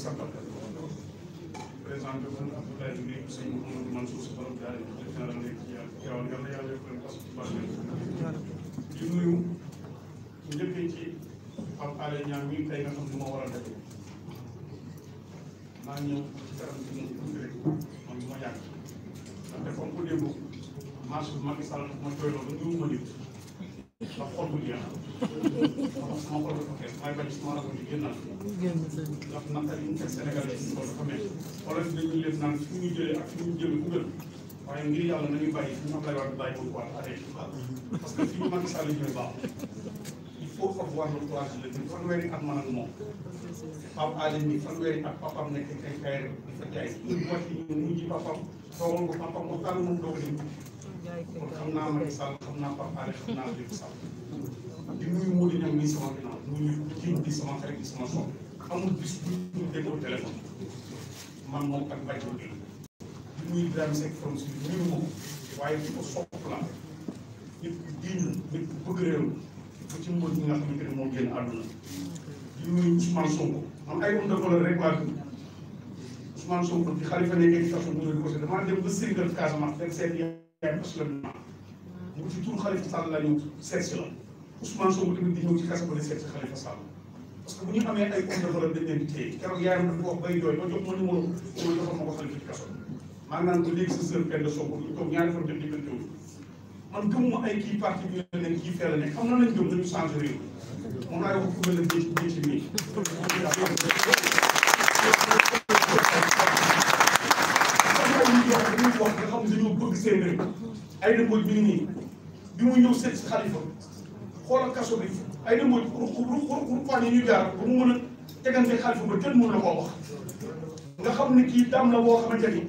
di nuyu njëkkee ci Pape Alé Niang mi tey nga xam ne moo war a defee maa ngi ñëw ci kanam ci moom tuuti rek moom moo yàgg ndaxte comme ku démb marche bi Macky Sall ma tooy loolu ba ñëwuma nit ndax xol bu jeex ndax sama xol dafa fees may bañ sama rakk di génnaat ndax naqar yi mu fekk Sénégal yi suñu xol dafa mel xoolal dañu leen naan fi ñu jëlee ak fi ñu jëlee ku gën waaye ngir yàlla nañu bàyyi fi ñu Abdoulaye Wade bàyyi woon quoi arrêté parce que fi ñu Macky Sall ñooy baax il faut avoir le courage la ñu fanweeri at man ak moom Pape Alé mi fanweeri at papam nekk kay kay di fa jaay ñu wàcc ñu mujj papam toogal ko papam waxtaan moom doog xam naa Macky Sall xam naa Pape Alé xam naa Diouf Sall di nuyu Modou Niang nii sama ginnaaw mu ñu kii di sama xarit di sama soxla amul bis bu ñu déggoo téléphone man moom ak Baye Modou di nuyu Birame Seck from si nuyu moom waaye di ko sopp la nit ku diin la nit ku bëgg réew ba ci mbóot ñi nga xamante ne moo génn àdduna di nuyu Ousmane Sonko man ay moom dafa la rek laa Ousmane Sonko bi xalifa nekk ci Kaffrine mu ne ko si damaa dem ba Serigne Dore Casamance rek seen yaay absolument mu ngi fi tur Xalifa Sall laa ñëw seet si la Ousmane Sonko tamit di ñëw ci Kassab la seet si Xalifa Sall parce que bu ñu amee ay compte de valeur dañ leen di téye keroog yaayam dafa wax bay jooy ba jox ma numéro ba ma joxoon ma ko Xalifa ci Kassab maa ngi naan ko léegi sa sœur Penda Sonko ñu toog ñaari fan dem diggante wu man gëmuma ay kii parti bi la nekk kii fee la nekk xam na lañ jëm dañu changé réew moom laay wax ku mel ne Dieng Dieng seen réew ay dëmbooj bi nii bi muy ñëw seet si xalifa xoolal kaso bi ay dëmbooj ruqruqruqaan yi ñu jaar ba mu mën a tegante xalifa ba kenn mënu la koo wax nga xam ne kii daam la boo xamante ni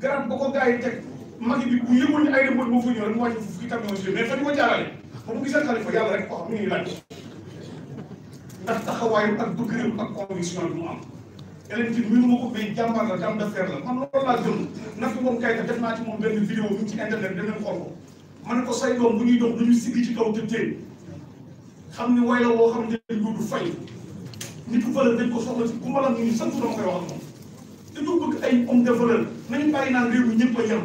garab ba ko gars yi teg magi bi bu yëpp ne ay dëmbooj moo fa ñëw rek mu wàcc fukki camion si mais fa ñu ko jaarale ba mu gisee xalifa yàlla rek ko xam mu ngi laaj ndax taxawaayam ak bëgg ak conviction mu am Elentine mbiru ma ko mais jàmbar la dame de fer la man loolu laa gëm Nafi moom kay def naa ci moom benn vidéo bi ci internet bi demee xool ko ma ne ko say doom bu ñuy dox du ñu sigg ci kaw te teel xam ni way la woo xam ne du fay nit ku valeur dañ ko soxla ci ku mbalam ñu sant dama koy wax ak moom. te du bëgg ay homme de valeur nañu bàyyi naan réew mi ñëpp a yem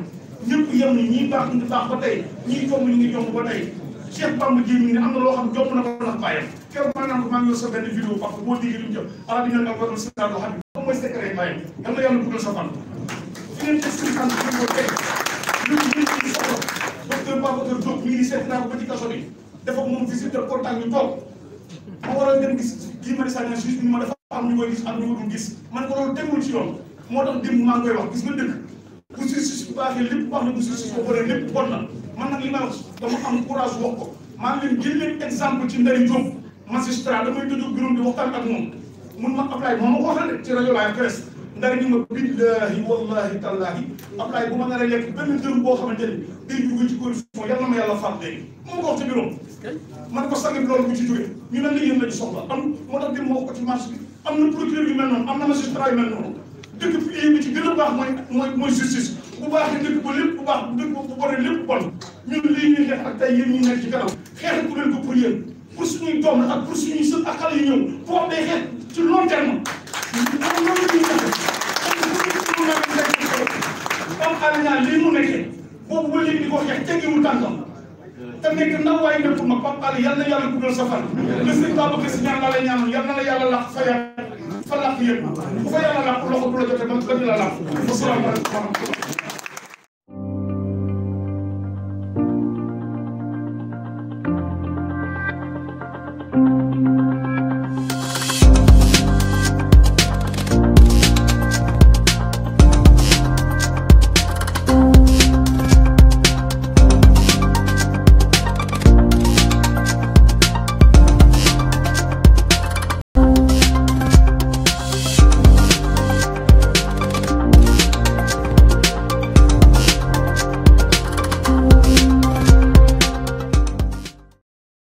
ñëpp yem ni ñii baax ñu baax ba tey ñii jomb ñu ngi jomb ba tey Cheikh Bamba Dieng mi ne am na loo xam jomb na ko ndax bàyyam. keroog maa naan ko maa ngi yor sa benn vidéo parce que boo déggee li mu jëm ala bi nga nga waroon si bàyyi yal na yàlla dugal sa fan. fi ngeen teg suñu fan bi ñu ko teg lu ci ñun ñu soxla docteur Babacar Diop mi ngi nii seet naa ko ba ci kaso bi dafa moom visite de contact ñu toog ma waral ngeen gis Guy Marius Sagna juge bi ma dafa am ñu koy gis am ñu gis man ko loolu tegul ci moo tax démb maa ngi koy wax gis nga dëkk bu justice bu baaxee lépp wax na bu justice boo bëree lépp bon na man nag li ma wax dama am courage wax maa ngi leen jël leen exemple ci Ndeye Diop magistrat damay dëjoo bureau bi waxtaan ak moom mun ma Ablaye moom ma ko waxal ci rajo Live Presse ndara ñu ma wallahi tallahi Ablaye bu ma nar a lekk benn dërëm boo xamante ni day jóge ci ma yàlla faat léegi moom ko wax ci bureau man ko sangi bi ci jóge ñu ne li yéen la ñu am moo tax dem moo ko ci marché bi am na procureur yu mel noonu am na magistrat yu gën a baax mooy mooy mooy justice bu baaxee dëkk ba lépp bu baax dëkk bu bonee lépp bon ñun lii ñuy xeex ak tey yéen ñi nekk ci kanam xeex ku leen ko pour pour suñuy doom la ak pour suñuy sët ak xale yu ñëw boo am day xeet ci long terme. loolu loolu la ñuy def lii mu nekkee boobu ba léegi di ko xeex teggiwul tànkam te nekk ndaw waaye nekk mag Pape Alé yal na yàlla guddal sa fan. le sëñ Babacar Si ñaan naa la ñaanal yal na la yàlla làq fa yàlla fa làq yëpp bu fa yàlla làq loxo bu la jotee ba la làq. asalaamaaleykum